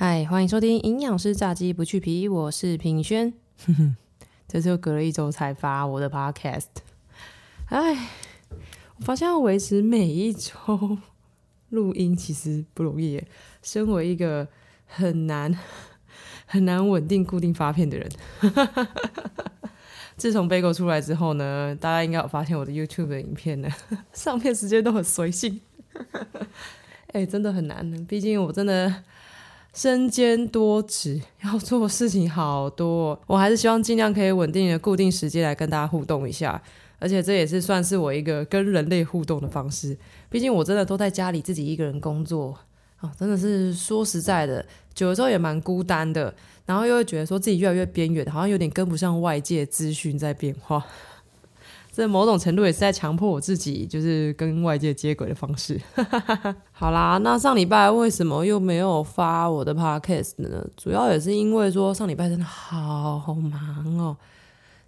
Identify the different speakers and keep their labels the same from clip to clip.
Speaker 1: 嗨，歡迎收聽營養師炸雞不去皮，我是品軒呵呵。這次又隔了一周才發我的 podcast，哎，Hi, 我發現要維持每一周錄音其實不容易耶。身為一個很難很難穩定固定發片的人， 自從 Bigo 出來之後呢，大家應該有發現我的 YouTube 的影片呢，上片時間都很隨性。哎、 欸，真的很難呢，畢竟我真的。身兼多職，要做的事情好多，我還是希望儘量可以穩定的固定時間來跟大家互動一下，而且這也是算是我一個跟人類互動的方式，畢竟我真的都在家裡自己一個人工作，啊，真的是說實在的，有的時候也蠻孤單的，然後又會覺得說自己越來越邊緣，好像有點跟不上外界資訊在變化。在某種程度也是在強迫我自己，就是跟外界接軌的方式。 好啦，那上禮拜為什麼又沒有發我的 podcast 呢？主要也是因為說上禮拜真的好忙哦。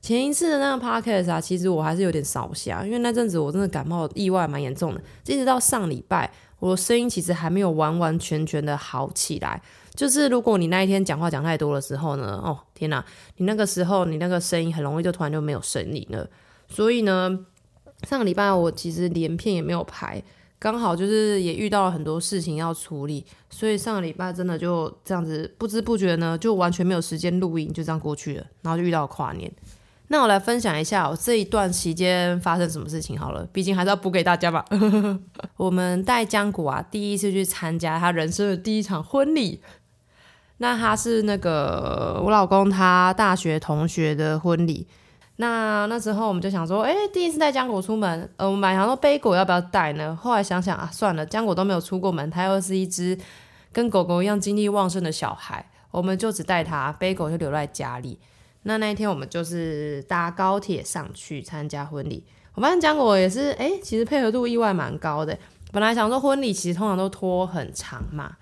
Speaker 1: 前一次的那個 podcast 啊，其實我還是有點少想，因為那陣子我真的感冒意外蠻嚴重的，一直到上禮拜，我的聲音其實還沒有完完全全的好起來。就是如果你那一天講話講太多的時候呢，哦天哪，你那個時候你那個聲音很容易就突然就沒有聲音了。所以呢，上個禮拜我其實連片也沒有拍，剛好就是也遇到了很多事情要處理，所以上個禮拜真的就這樣子不知不覺呢，就完全沒有時間錄音，就這樣過去了。然後就遇到跨年，那我來分享一下我、哦、這一段時間發生什麼事情好了，畢竟還是要補給大家吧。 我們帶漿果啊，第一次去參加他人生的第一場婚禮，那他是那個我老公他大學同學的婚禮。那那時候我們就想說，哎、欸，第一次帶漿果出門，呃，我們想說貝果要不要帶呢？後來想想啊，算了，漿果都沒有出過門，它又是一隻跟狗狗一樣精力旺盛的小孩，我們就只帶它，貝果就留在家裡。那那一天我們就是搭高鐵上去參加婚禮，我發現漿果也是，哎、欸，其實配合度意外蠻高的。本來想說婚禮其實通常都拖很長嘛。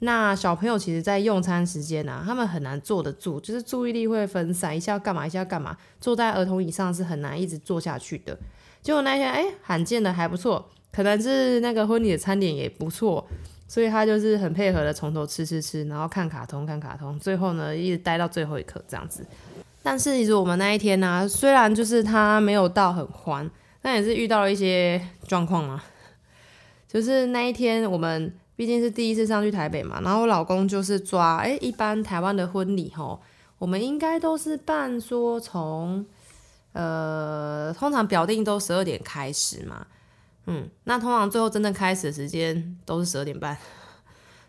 Speaker 1: 那小朋友其實，在用餐時間呢，他們很難坐得住，就是注意力會分散，一下要幹嘛，一下要幹嘛。坐在兒童椅上是很難一直坐下去的。結果那一天，哎，罕見的還不錯，可能是那個婚禮的餐點也不錯，所以他就是很配合的，從頭吃吃吃，然後看卡通看卡通，最後呢，一直待到最後一刻這樣子。但是，其實我們那一天呢，雖然就是他沒有到很歡，但也是遇到了一些狀況嘛，就是那一天我們。畢竟是第一次上去台北嘛，然後我老公就是抓，哎，一般台灣的婚禮吼，我們應該都是辦說從，呃，通常表定都十二點開始嘛，嗯，那通常最後真正開始的時間都是十二點半，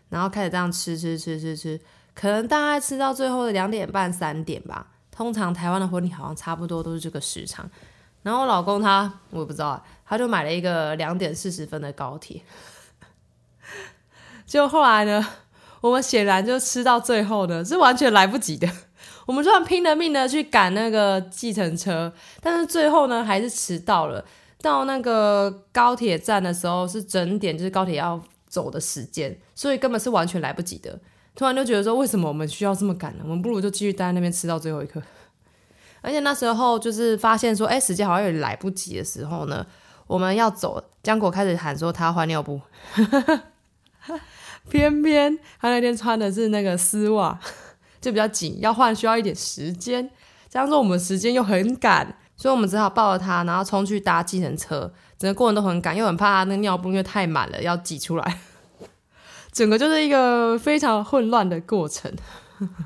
Speaker 1: 然後開始這樣吃吃吃吃吃，可能大概吃到最後的兩點半三點吧。通常台灣的婚禮好像差不多都是這個時長，然後我老公他，我也不知道，他就買了一個兩點四十分的高鐵。就後來呢，我們顯然就吃到最後呢，是完全來不及的。我們雖然拼了命的去趕那個計程車，但是最後呢還是遲到了。到那個高鐵站的時候是整點，就是高鐵要走的時間，所以根本是完全來不及的。突然就覺得說，為什麼我們需要這麼趕呢？我們不如就繼續待在那邊吃到最後一刻。而且那時候就是發現說，哎、欸，時間好像也來不及的時候呢，我們要走，漿果開始喊說他換尿布。 偏偏他那天穿的是那個絲襪，就比較緊，要換需要一點時間。加上說我們時間又很趕，所以我們只好抱着他，然後衝去搭計程車。整個過程都很趕，又很怕他那個尿布因為太滿了要擠出來，整個就是一個非常混亂的過程。呵呵。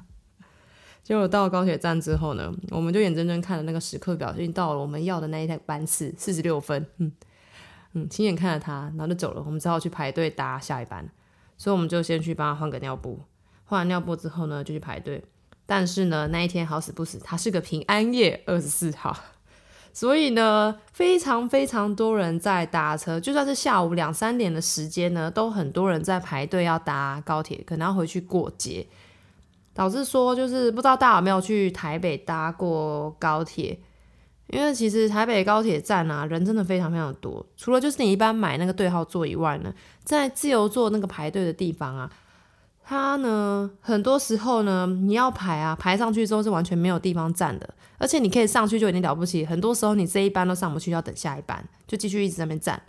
Speaker 1: 結果到高鐵站之後呢，我們就眼睜睜看着那個時刻表已經到了我們要的那一台班次，四十六分。嗯嗯，親眼看着他，然後就走了。我們只好去排隊搭下一班。所以我們就先去幫他換個尿布，換完尿布之後呢，就去排隊。但是呢，那一天好死不死，他是個平安夜，二十四號，所以呢，非常非常多人在搭車，就算是下午兩三點的時間呢，都很多人在排隊要搭高鐵，可能要回去過節，導致說就是不知道大家有沒有去台北搭過高鐵。因為其實台北高鐵站啊，人真的非常非常多。除了就是你一般買那個對號座以外呢，在自由座那個排隊的地方啊，它呢，很多時候呢，你要排啊排上去之後是完全沒有地方站的，而且你可以上去就已經了不起。很多時候你這一班都上不去，要等下一班，就繼續一直在那邊站。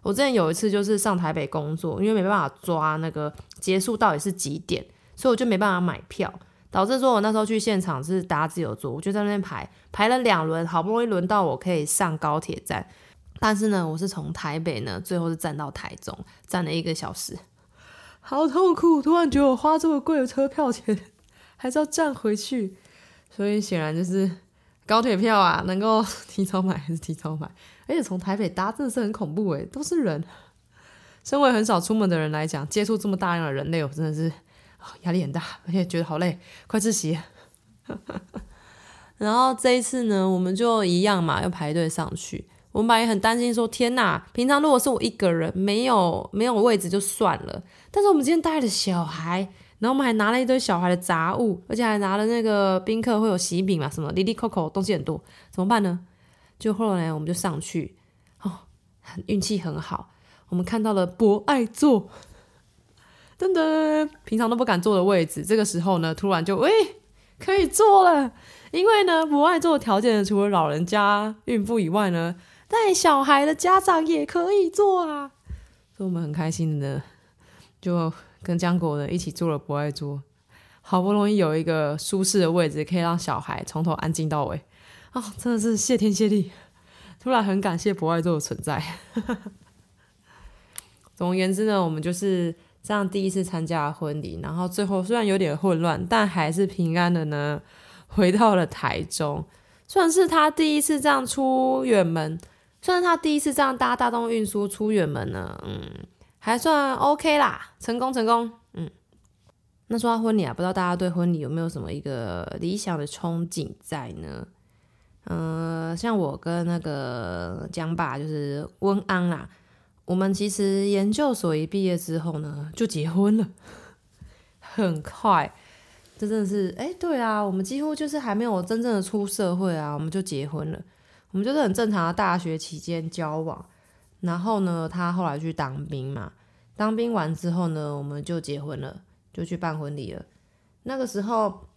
Speaker 1: 我之前有一次就是上台北工作，因為沒辦法抓那個結束到底是幾點，所以我就沒辦法買票。導致說，我那時候去現場是搭自由座，我就在那邊排，排了兩輪，好不容易輪到我可以上高鐵站，但是呢，我是從台北呢，最後是站到台中，站了一個小時，好痛苦！突然覺得我花這麼貴的車票錢，還是要站回去，所以顯然就是高鐵票啊，能夠提早買還是提早買，而且從台北搭真的是很恐怖誒，都是人。身為很少出門的人來講，接觸這麼大量的人類，我真的是。壓力很大，而且覺得好累，快窒息。 然後這一次呢，我們就一樣嘛，要排隊上去。我們本來也很擔心說，說天吶，平常如果是我一個人，沒有沒有位置就算了，但是我們今天帶了小孩，然後我們還拿了一堆小孩的雜物，而且還拿了那個賓客會有喜餅嘛，什麼哩哩摳摳，東西很多，怎麼辦呢？就後來我們就上去，哦，運氣很好，我們看到了博愛座。真的，平常都不敢坐的位置，這個時候呢，突然就誒、欸、可以坐了。因為呢，博愛座的條件，除了老人家、孕婦以外呢，帶小孩的家長也可以坐啊。所以我們很開心的呢，就跟漿果呢一起坐了博愛座。好不容易有一個舒適的位置，可以讓小孩從頭安靜到尾啊、哦，真的是謝天謝地。突然很感謝博愛座的存在。 總而言之呢，我們就是。這樣第一次參加了婚禮，然後最後雖然有點混亂，但還是平安的呢，回到了台中。算是他第一次這樣出遠門，算是他第一次這樣搭大眾運輸出遠門呢。嗯，還算 OK 啦，成功成功。嗯，那說到婚禮啊，不知道大家對婚禮有沒有什麼一個理想的憧憬在呢？嗯、呃，像我跟那個漿爸就是溫安啦、啊。我們其實研究所一畢業之後呢，就結婚了，很快，這真的是，哎，對啊，我們幾乎就是還沒有真正的出社會啊，我們就結婚了。我們就是很正常的大學期間交往，然後呢，他後來去當兵嘛，當兵完之後呢，我們就結婚了，就去辦婚禮了。那個時候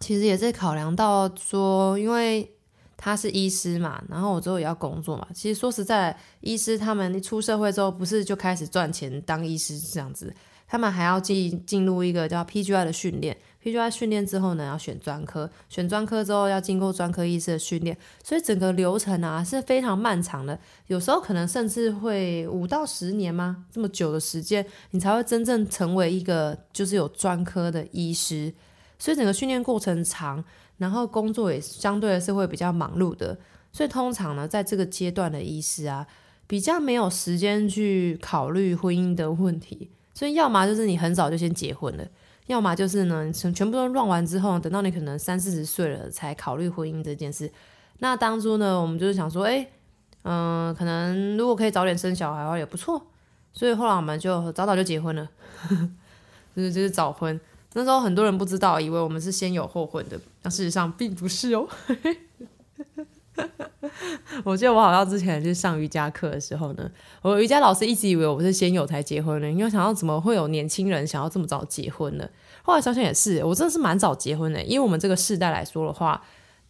Speaker 1: 其實也在考量，到說，因為他是醫師嘛，然後我之後也要工作嘛。其實說實在，醫師他們一出社會之後，不是就開始賺錢當醫師這樣子？他們還要進進入一個叫 PGY 的訓練，PGY 訓練之後呢，要選專科，選專科之後要經過專科醫師的訓練，所以整個流程啊是非常漫長的，有時候可能甚至會五到十年嗎？這麼久的時間，你才會真正成為一個就是有專科的醫師，所以整個訓練過程長。然後工作也相對的是會比較忙碌的，所以通常呢，在這個階段的醫師啊，比較沒有時間去考慮婚姻的問題，所以要麼就是你很早就先結婚了，要麼就是呢，全部都亂完之後，等到你可能三四十歲了才考慮婚姻這件事。那當初呢，我們就是想說，哎，嗯、呃，可能如果可以早點生小孩的話也不錯，所以後來我們就早早就結婚了， 就是就是早婚。那時候很多人不知道，以為我們是先有後婚的，但事實上並不是哦。 我記得我好像之前去上瑜伽課的時候呢，我瑜伽老師一直以為我們是先有才結婚呢，因為想要怎麼會有年輕人想要這麼早結婚呢？後來想想也是，我真的是蠻早結婚的，因為我們這個世代來說的話，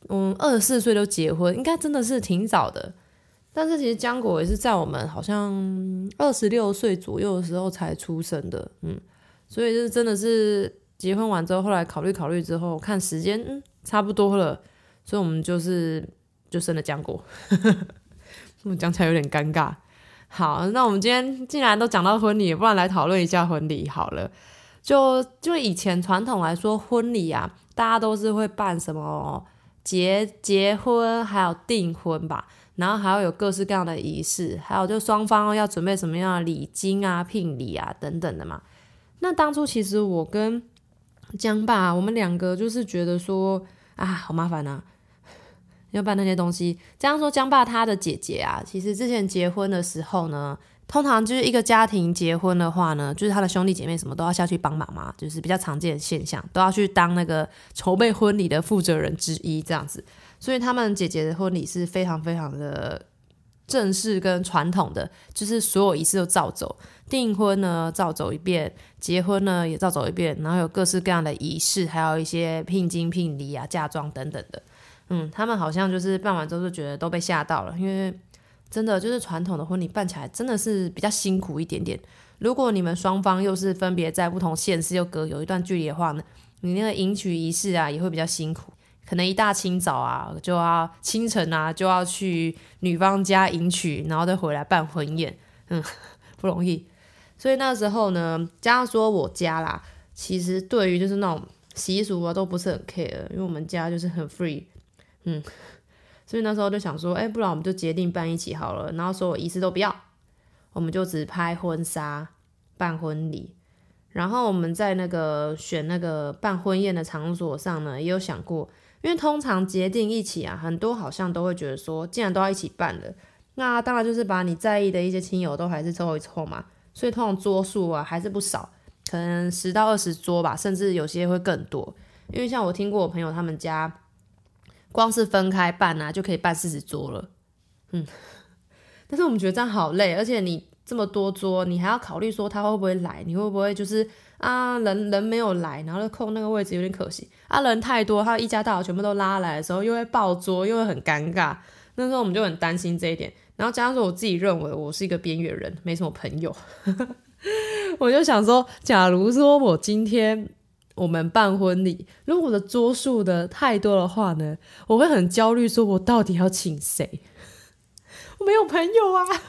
Speaker 1: 嗯，二十四歲都結婚，應該真的是挺早的。但是其實漿果也是在我們好像二十六歲左右的時候才出生的，嗯，所以就是真的是。結婚完之後，後來考慮考慮之後，看時間，嗯，差不多了，所以我們就是就生了漿果，這 麼講起來有點尷尬。好，那我們今天既然都講到婚禮，不然來討論一下婚禮好了。就就以前傳統來說，婚禮啊，大家都是會辦什麼結結婚，還有訂婚吧，然後還要有各式各樣的儀式，還有就雙方要準備什麼樣的禮金啊、聘禮啊等等的嘛。那當初其實我跟漿爸，我們兩個就是覺得說啊，好麻煩吶、啊，要辦那些東西。這樣說，漿爸他的姐姐啊，其實之前結婚的時候呢，通常就是一個家庭結婚的話呢，就是他的兄弟姐妹什麼都要下去幫忙嘛，就是比較常見的現象，都要去當那個籌備婚禮的負責人之一這樣子。所以他們姐姐的婚禮是非常非常的。正式跟傳統的，就是所有儀式都照走。訂婚呢，照走一遍，結婚呢，也照走一遍。然後有各式各樣的儀式，還有一些聘金、聘禮啊、嫁妝等等的。嗯，他們好像就是辦完之後就覺得都被嚇到了，因為真的就是傳統的婚禮辦起來真的是比較辛苦一點點。如果你們雙方又是分別在不同縣市，又隔有一段距離的話呢，你那個迎娶儀式啊，也會比較辛苦。可能一大清早啊，就要清晨啊，就要去女方家迎娶，然後再回來辦婚宴，嗯，不容易。所以那時候呢，加上說我家啦，其實對於就是那種習俗啊，都不是很 care，因為我們家就是很 free，嗯，所以那時候就想說，哎、欸，不然我們就決定辦一起好了，然後所有儀式都不要，我們就只拍婚紗辦婚禮，然後我們在那個選那個辦婚宴的場所上呢，也有想過。因為通常決定一起啊，很多好像都會覺得說，既然都要一起辦了，那當然就是把你在意的一些親友都還是湊一湊嘛。所以通常桌數啊還是不少，可能十到二十桌吧，甚至有些會更多。因為像我聽過我朋友他們家，光是分開辦啊，就可以辦四十桌了。嗯，但是我們覺得這樣好累，而且你這麼多桌，你還要考慮說他會不會來，你會不會就是。啊，人人沒有來，然後空那個位置有點可惜。啊，人太多，他一家大小全部都拉來的時候，又會爆桌，又會很尷尬。那時候我們就很擔心這一點。然後加上說，我自己認為我是一個邊緣人，沒什麼朋友， 我就想說，假如說我今天我們辦婚禮，如果我的桌數的太多的話呢，我會很焦慮，說我到底要請誰？我沒有朋友啊。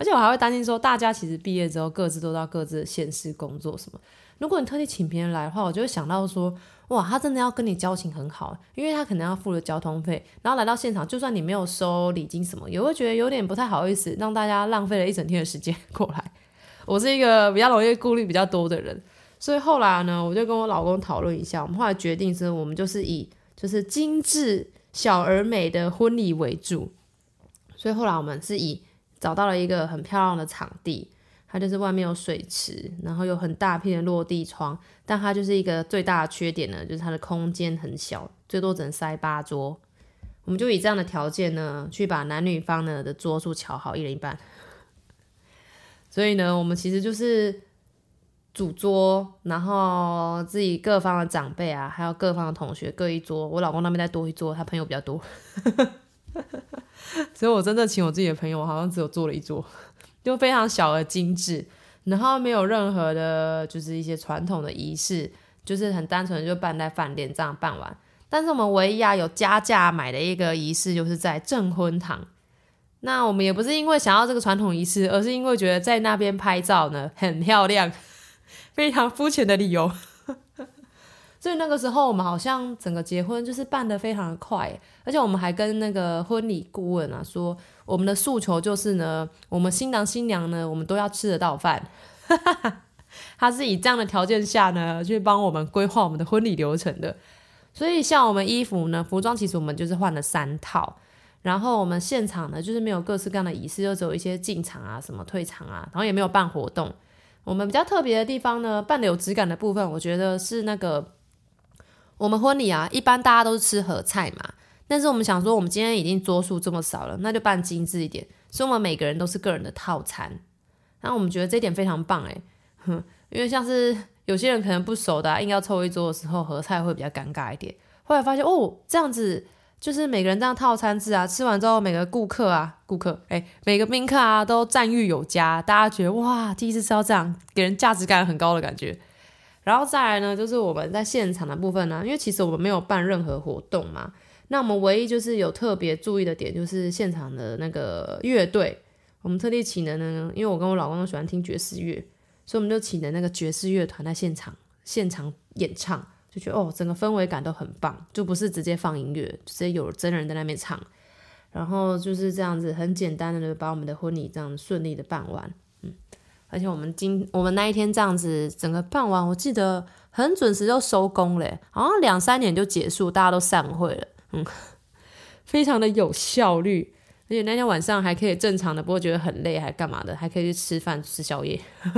Speaker 1: 而且我還會擔心說，大家其實畢業之後各自都到各自的縣市工作什麼。如果你特地請別人來的話，我就會想到說，哇，他真的要跟你交情很好，因為他可能要付了交通費，然後來到現場，就算你沒有收禮金什麼，也會覺得有點不太好意思，讓大家浪費了一整天的時間過來。我是一個比較容易顧慮比較多的人，所以後來呢，我就跟我老公討論一下，我們後來決定說，我們就是以就是精緻小而美的婚禮為主，所以後來我們是以。找到了一個很漂亮的場地，它就是外面有水池，然後有很大片的落地窗。但它就是一個最大的缺點呢，就是它的空間很小，最多只能塞八桌。我們就以這樣的條件呢，去把男女方呢的桌數喬好，一人一半。所以呢，我們其實就是主桌，然後自己各方的長輩啊，還有各方的同學各一桌，我老公那邊再多一桌，他朋友比較多。 所以，我真的請我自己的朋友，好像只有坐了一桌，就非常小而精致，然後沒有任何的，就是一些傳統的儀式，就是很單純就辦在飯店這樣辦完。但是我們唯一啊有加價買的一個儀式，就是在證婚堂。那我們也不是因為想要這個傳統儀式，而是因為覺得在那邊拍照呢很漂亮，非常膚淺的理由。所以那個時候，我們好像整個結婚就是辦得非常的快，而且我們還跟那個婚禮顧問啊說，我們的訴求就是呢，我們新郎新娘呢，我們都要吃得到飯。哈哈哈，他是以這樣的條件下呢，去幫我們規劃我們的婚禮流程的。所以像我們衣服呢，服裝其實我們就是換了三套，然後我們現場呢，就是沒有各式各樣的儀式，就只有一些進場啊、什麼退場啊，然後也沒有辦活動。我們比較特別的地方呢，辦得有質感的部分，我覺得是那個。我們婚禮啊，一般大家都是吃合菜嘛。但是我們想說，我們今天已經桌數這麼少了，那就辦精緻一點。所以我們每個人都是個人的套餐。那我們覺得這點非常棒哎，哼，因為像是有些人可能不熟的，啊，硬要湊一桌的時候合菜會比較尷尬一點。後來發現哦，這樣子就是每個人這樣套餐制啊，吃完之後每個顧客啊、顧客哎、欸，每個賓客啊都讚譽有加，大家覺得哇，第一次吃到這樣，給人價值感很高的感覺。然後再來呢，就是我們在現場的部分呢、啊，因為其實我們沒有辦任何活動嘛，那我們唯一就是有特別注意的點，就是現場的那個樂隊，我們特地請的呢，因為我跟我老公都喜歡聽爵士樂，所以我們就請的那個爵士樂團在現場現場演唱，就覺得哦，整個氛圍感都很棒，就不是直接放音樂，直接有真人在那邊唱，然後就是這樣子很簡單的就把我們的婚禮這樣順利的辦完，嗯。而且我們今我們那一天這樣子，整個辦完，我記得很準時就收工嘞，好像兩三點就結束，大家都散會了，嗯，非常的有效率。而且那天晚上還可以正常的，不會覺得很累，還幹嘛的，還可以去吃飯吃宵夜。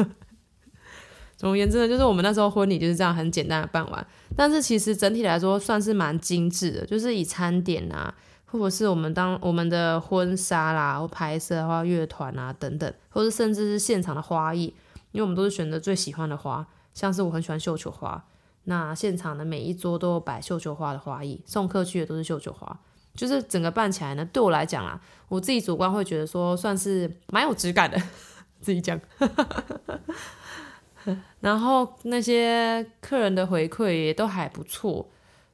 Speaker 1: 總而言之呢，就是我們那時候婚禮就是這樣很簡單的辦完，但是其實整體來說算是蠻精致的，就是以餐點啊。或者是我們當我們的婚紗啦，或拍攝的話，或樂團啊等等，或者甚至是現場的花藝，因為我們都是選擇最喜歡的花，像是我很喜歡繡球花，那現場的每一桌都有擺繡球花的花藝，送客去的都是繡球花，就是整個辦起來呢，對我來講啦，我自己主觀會覺得說算是蠻有質感的，自己講， 然後那些客人的回饋也都還不錯，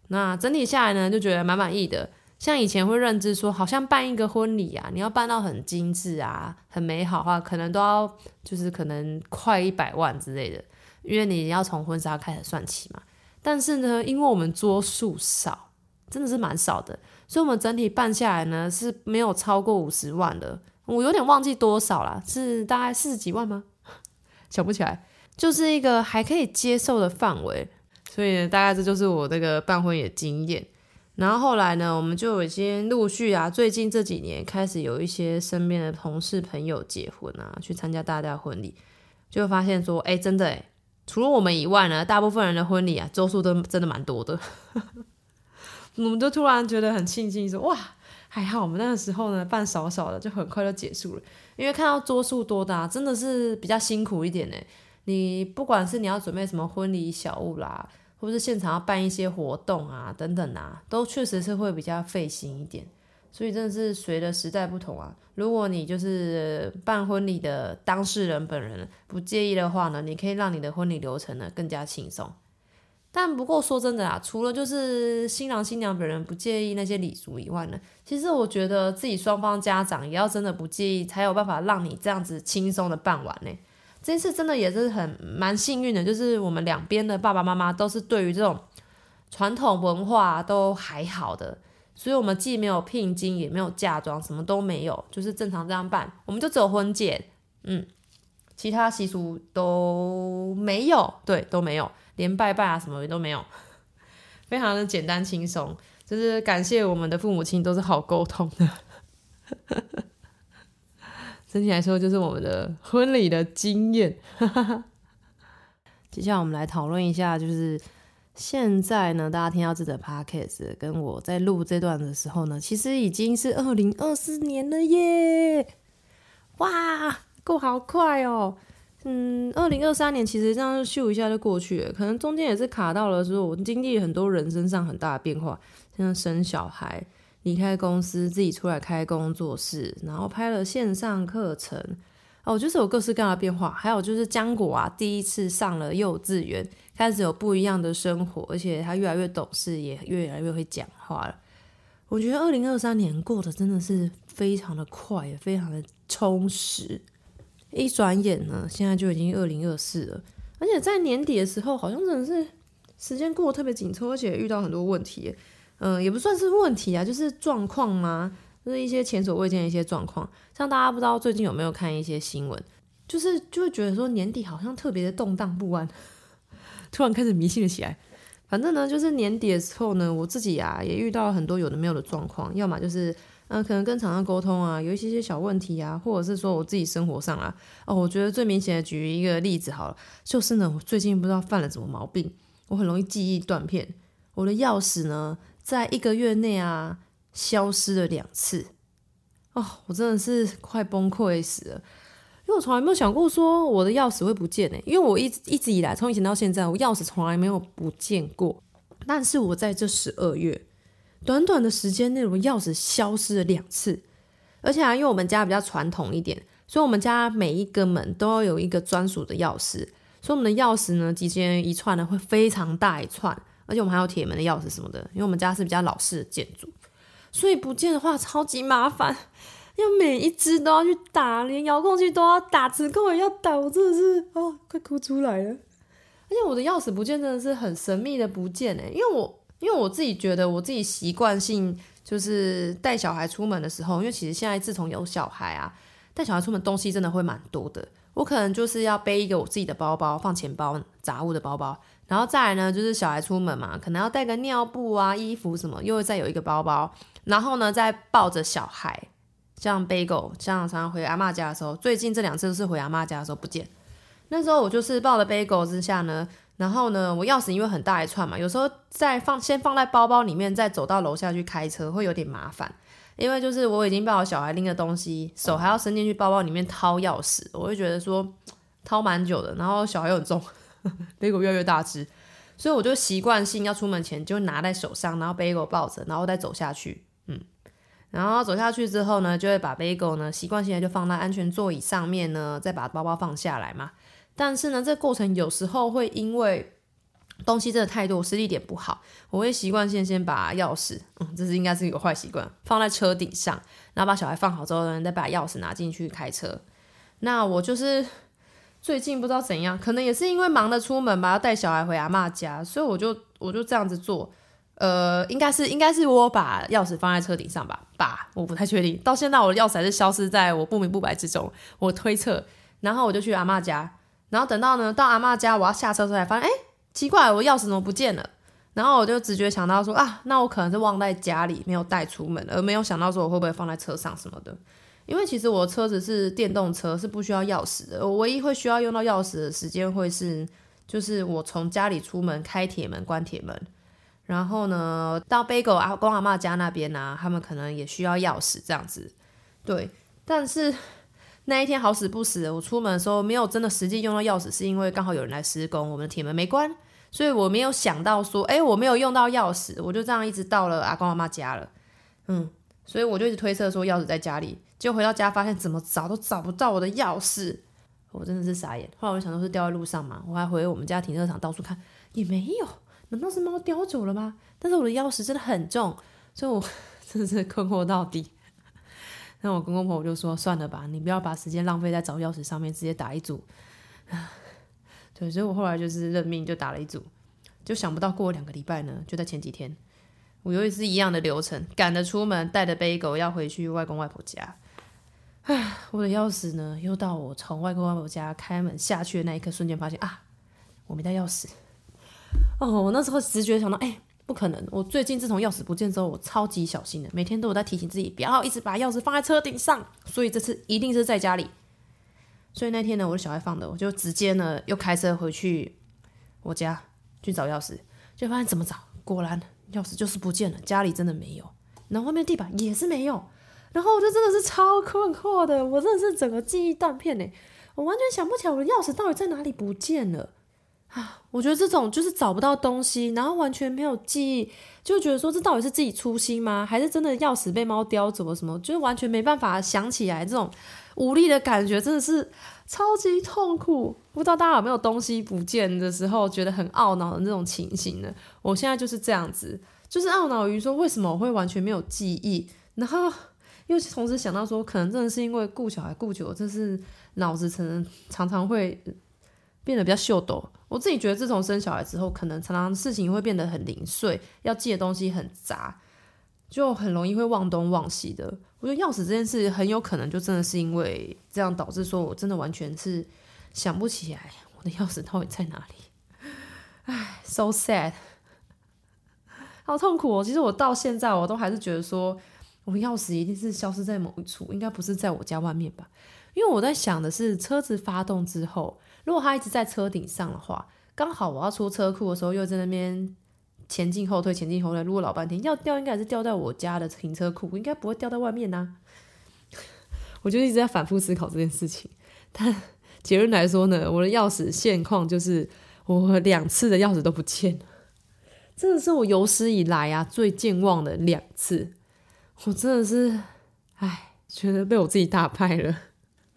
Speaker 1: 那整體下來呢，就覺得蠻滿意的。像以前會認知說，好像辦一個婚禮啊，你要辦到很精緻啊，很美好的話，可能都要就是可能快一百萬之類的，因為你要從婚紗開始算起嘛。但是呢，因為我們桌數少，真的是蠻少的，所以我們整體辦下來呢是沒有超過五十萬的。我有點忘記多少啦，是大概四十幾萬嗎？ 想不起來，就是一個還可以接受的範圍。所以大概這就是我這個辦婚禮經驗。然後後來呢，我們就已經陸續啊，最近這幾年開始有一些身邊的同事朋友結婚啊，去參加大家的婚禮，就發現說，哎，真的誒，除了我們以外呢，大部分人的婚禮啊，桌數都真的蠻多的， 我們都突然覺得很慶幸，說哇，還好我們那個時候呢，辦少少的，就很快就結束了。因為看到桌數多的，真的是比較辛苦一點誒。你不管是你要準備什麼婚禮小物啦。或是現場要辦一些活動啊，等等啊，都確實是會比較費心一點。所以真的是隨着時代不同啊，如果你就是辦婚禮的當事人本人不介意的話呢，你可以讓你的婚禮流程呢更加輕鬆。但不過說真的啊，除了就是新郎新娘本人不介意那些禮俗以外呢，其實我覺得自己雙方家長也要真的不介意，才有辦法讓你這樣子輕鬆的辦完呢欸。這次真的也是很蠻幸運的，就是我們兩邊的爸爸媽媽都是對於這種傳統文化都還好的，所以我們既沒有聘金，也沒有嫁妝，什麼都沒有，就是正常這樣辦，我們就只有婚戒，嗯，其他習俗都沒有，對，都沒有，連拜拜啊什麼都沒有，非常的簡單輕鬆，就是感謝我們的父母親都是好溝通的。 整體來說，就是我們的婚禮的經驗。 接下來我們來討論一下，就是現在呢，大家聽到這的 Podcast 跟我在錄這段的時候呢，其實已經是二零二四年了耶！哇，過好快哦。嗯，二零二三年其實這樣咻一下就過去了，可能中間也是卡到了時候，說我經歷很多人身上很大的變化，像生小孩。離開公司，自己出來開工作室，然後拍了線上課程。哦，我覺得有各式各樣的變化。還有就是漿果啊，第一次上了幼稚園，開始有不一樣的生活，而且他越來越懂事，也越來越會講話了。我覺得二零二三年過得真的是非常的快，也非常的充實。一轉眼呢，現在就已經二零二四了。而且在年底的時候，好像真的是時間過得特別緊湊，而且遇到很多問題。嗯，也不算是問題啊，就是狀況嘛，就是一些前所未見的一些狀況。像大家不知道最近有沒有看一些新聞，就是就會覺得說年底好像特別的動盪不安，突然開始迷信了起來。反正呢，就是年底的時候呢，我自己啊也遇到了很多有的沒有的狀況，要麼就是嗯、呃，可能跟廠商溝通啊，有一些些小問題啊，或者是說我自己生活上啊，哦，我覺得最明顯的舉一個例子好了，就是呢，我最近不知道犯了什麼毛病，我很容易記憶斷片，我的鑰匙呢。在一個月內啊，消失了兩次，哦，我真的是快崩潰死了，因為我從來沒有想過說我的鑰匙會不見呢，因為我一直一直以來，從以前到現在，我鑰匙從來沒有不見過，但是我在這十二月短短的時間內，我鑰匙消失了兩次，而且啊，因為我們家比較傳統一點，所以我們家每一個門都要有一個專屬的鑰匙，所以我們的鑰匙呢，之間一串呢會非常大一串。而且我們還有鐵門的鑰匙什麼的，因為我們家是比較老式的建築，所以不見的話超級麻煩，要每一隻都要去打，連遙控器都要打，磁扣也要打，我真的是哦，快哭出來了。而且我的鑰匙不見真的是很神秘的不見哎，因為我因為我自己覺得我自己習慣性就是帶小孩出門的時候，因為其實現在自從有小孩啊，帶小孩出門東西真的會蠻多的，我可能就是要背一個我自己的包包，放錢包雜物的包包。然後再來呢，就是小孩出門嘛，可能要帶個尿布啊、衣服什麼，又再有一個包包，然後呢再抱着小孩，這樣貝果，像常常回阿嬤家的時候，最近這兩次都是回阿嬤家的時候不見。那時候我就是抱着貝果之下呢，然後呢我鑰匙因為很大一串嘛，有時候再放先放在包包裡面，再走到樓下去開車會有點麻煩，因為就是我已經把我小孩拎的東西，手還要伸進去包包裡面掏鑰匙，我會覺得說掏蠻久的，然後小孩又很重。漿 果越來越大隻，所以我就習慣性要出門前就拿在手上，然後漿果抱着，然後再走下去。嗯，然後走下去之後呢，就會把漿果呢習慣性地就放在安全座椅上面呢，再把包包放下來嘛。但是呢，這個、過程有時候會因為東西真的太多，我施力點不好，我會習慣性先把鑰匙，嗯，這是應該是一個壞習慣，放在車頂上，然後把小孩放好之後呢，再把鑰匙拿進去開車。那我就是。最近不知道怎樣，可能也是因為忙着出門吧，要帶小孩回阿嬤家，所以我就我就這樣子做，呃，應該是應該是我把鑰匙放在車頂上吧，吧，我不太確定。到現在我的鑰匙還是消失在我不明不白之中，我推測，然後我就去阿嬤家，然後等到呢到阿嬤家，我要下車時才發現，誒，奇怪，我鑰匙怎麼不見了？然後我就直覺想到說啊，那我可能是忘在家裡，沒有帶出門，而沒有想到說我會不會放在車上什麼的。因為其實我的車子是電動車，是不需要鑰匙的。我唯一會需要用到鑰匙的時間會是，就是我從家裡出門開鐵門、關鐵門，然後呢到貝果阿公阿媽家那邊呢，啊，他們可能也需要鑰匙這樣子。對，但是那一天好死不死的，我出門的時候沒有真的實際用到鑰匙，是因為剛好有人來施工，我們的鐵門沒關，所以我沒有想到說，哎，我沒有用到鑰匙，我就這樣一直到了阿公阿媽家了。嗯，所以我就一直推測說鑰匙在家裡。就回到家，發現怎麼找都找不到我的鑰匙，我真的是傻眼。後來我就想說是掉在路上嘛，我還回我們家停車場到處看，也沒有。難道是貓叼走了嗎？但是我的鑰匙真的很重，所以我真是困惑到底。 那我公公婆婆就說：“算了吧，你不要把時間浪費在找鑰匙上面，直接打一組。 ”對，所以我後來就是認命，就打了一組。就想不到過了兩個禮拜呢，就在前幾天，我又是一樣的流程，趕着出門，帶着背狗要回去外公外婆家。哎，我的鑰匙呢？又到我從外公外婆家開門下去的那一刻，瞬間發現啊，我沒帶鑰匙。哦，我那時候直覺想到，哎，不可能！我最近自從鑰匙不見之後，我超級小心的，每天都有在提醒自己，不要一直把鑰匙放在車頂上。所以這次一定是在家裡。所以那天呢，我的小孩放的，我就直接呢又開車回去我家去找鑰匙，就發現怎麼找，果然鑰匙就是不見了，家裡真的沒有，然後外面地板也是沒有。然後我就真的是超困惑的，我真的是整個記憶斷片嘞，我完全想不起來我的鑰匙到底在哪裡不見了啊！我覺得這種就是找不到東西，然後完全沒有記憶，就覺得說這到底是自己粗心嗎？還是真的鑰匙被貓叼走了？什麼？就是完全沒辦法想起來，這種無力的感覺真的是超級痛苦。不知道大家有沒有東西不見的時候覺得很懊惱的那種情形呢？我現在就是這樣子，就是懊惱於說為什麼我會完全沒有記憶，然後。因為同時想到說，可能真的是因為顧小孩顧久了，這是腦子成常常會、呃、變得比較秀逗。我自己覺得，自從生小孩之後，可能常常事情會變得很零碎，要記的東西很雜，就很容易會忘東忘西的。我覺得鑰匙這件事，很有可能就真的是因為這樣導致，說我真的完全是想不起來我的鑰匙到底在哪裡。唉，so sad，好痛苦哦。其實我到現在，我都還是覺得說。我鑰匙一定是消失在某一處，應該不是在我家外面吧？因為我在想的是，車子發動之後，如果它一直在車頂上的話，剛好我要出車庫的時候，又在那邊前進後退、前進後退，嚕了老半天，要掉，應該還是掉在我家的停車庫，應該不會掉在外面呐、啊。我就一直在反覆思考這件事情。但結論來說呢，我的鑰匙現況就是我兩次的鑰匙都不見了，真、這、的、個、是我有史以來啊最健忘的兩次。我真的是，唉，覺得被我自己打敗了。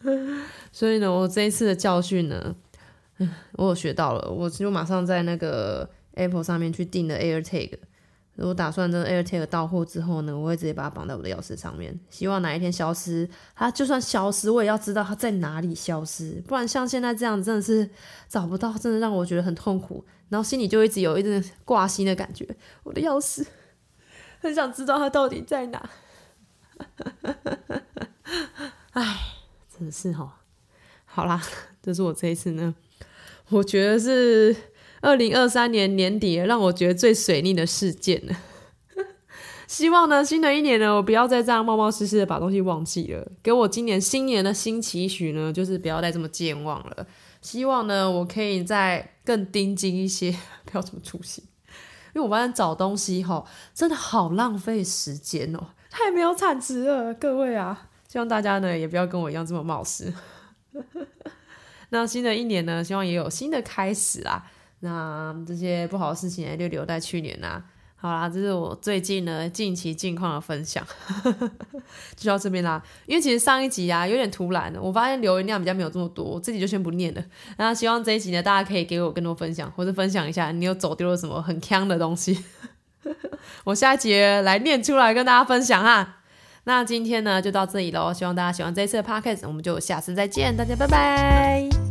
Speaker 1: 所以呢，我這一次的教訓呢，嗯，我有學到了。我就馬上在那個 Apple 上面去訂了 AirTag。我打算等 AirTag 到貨之後呢，我會直接把它綁在我的鑰匙上面。希望哪一天消失，它就算消失，我也要知道它在哪裡消失。不然像現在這樣子真的是找不到，真的讓我覺得很痛苦。然後心裡就一直有一陣掛心的感覺，我的鑰匙。很想知道他到底在哪。。 哎，真是哈、哦。好啦，這、就是我這一次呢，我覺得是二零二三年年底讓我覺得最水逆的事件了。 希望呢，新的一年呢，我不要再這樣冒冒失失的把東西忘記了。給我今年新年的新期許呢，就是不要再這麼健忘了。希望呢，我可以再更盯緊一些，不要這麼粗心。因為我發現找東西吼、喔、真的好浪費時間哦、喔，太沒有產值了，各位啊！希望大家呢也不要跟我一樣這麼冒失。 那新的一年呢，希望也有新的開始啊！那這些不好的事情呢，就留在去年啦、啊。好啦，這是我最近呢近期近況的分享， 就到這邊啦。因為其實上一集啊有點突然，我發現留言量比較沒有這麼多，我自己就先不念了。那希望這一集呢，大家可以給我更多分享，或是分享一下你有走丟了什麼很鏘的東西， 我下一集來念出來跟大家分享哈、啊。那今天呢就到這裡嘍，希望大家喜歡這一次的 Podcast，我們就下次再見，大家拜拜。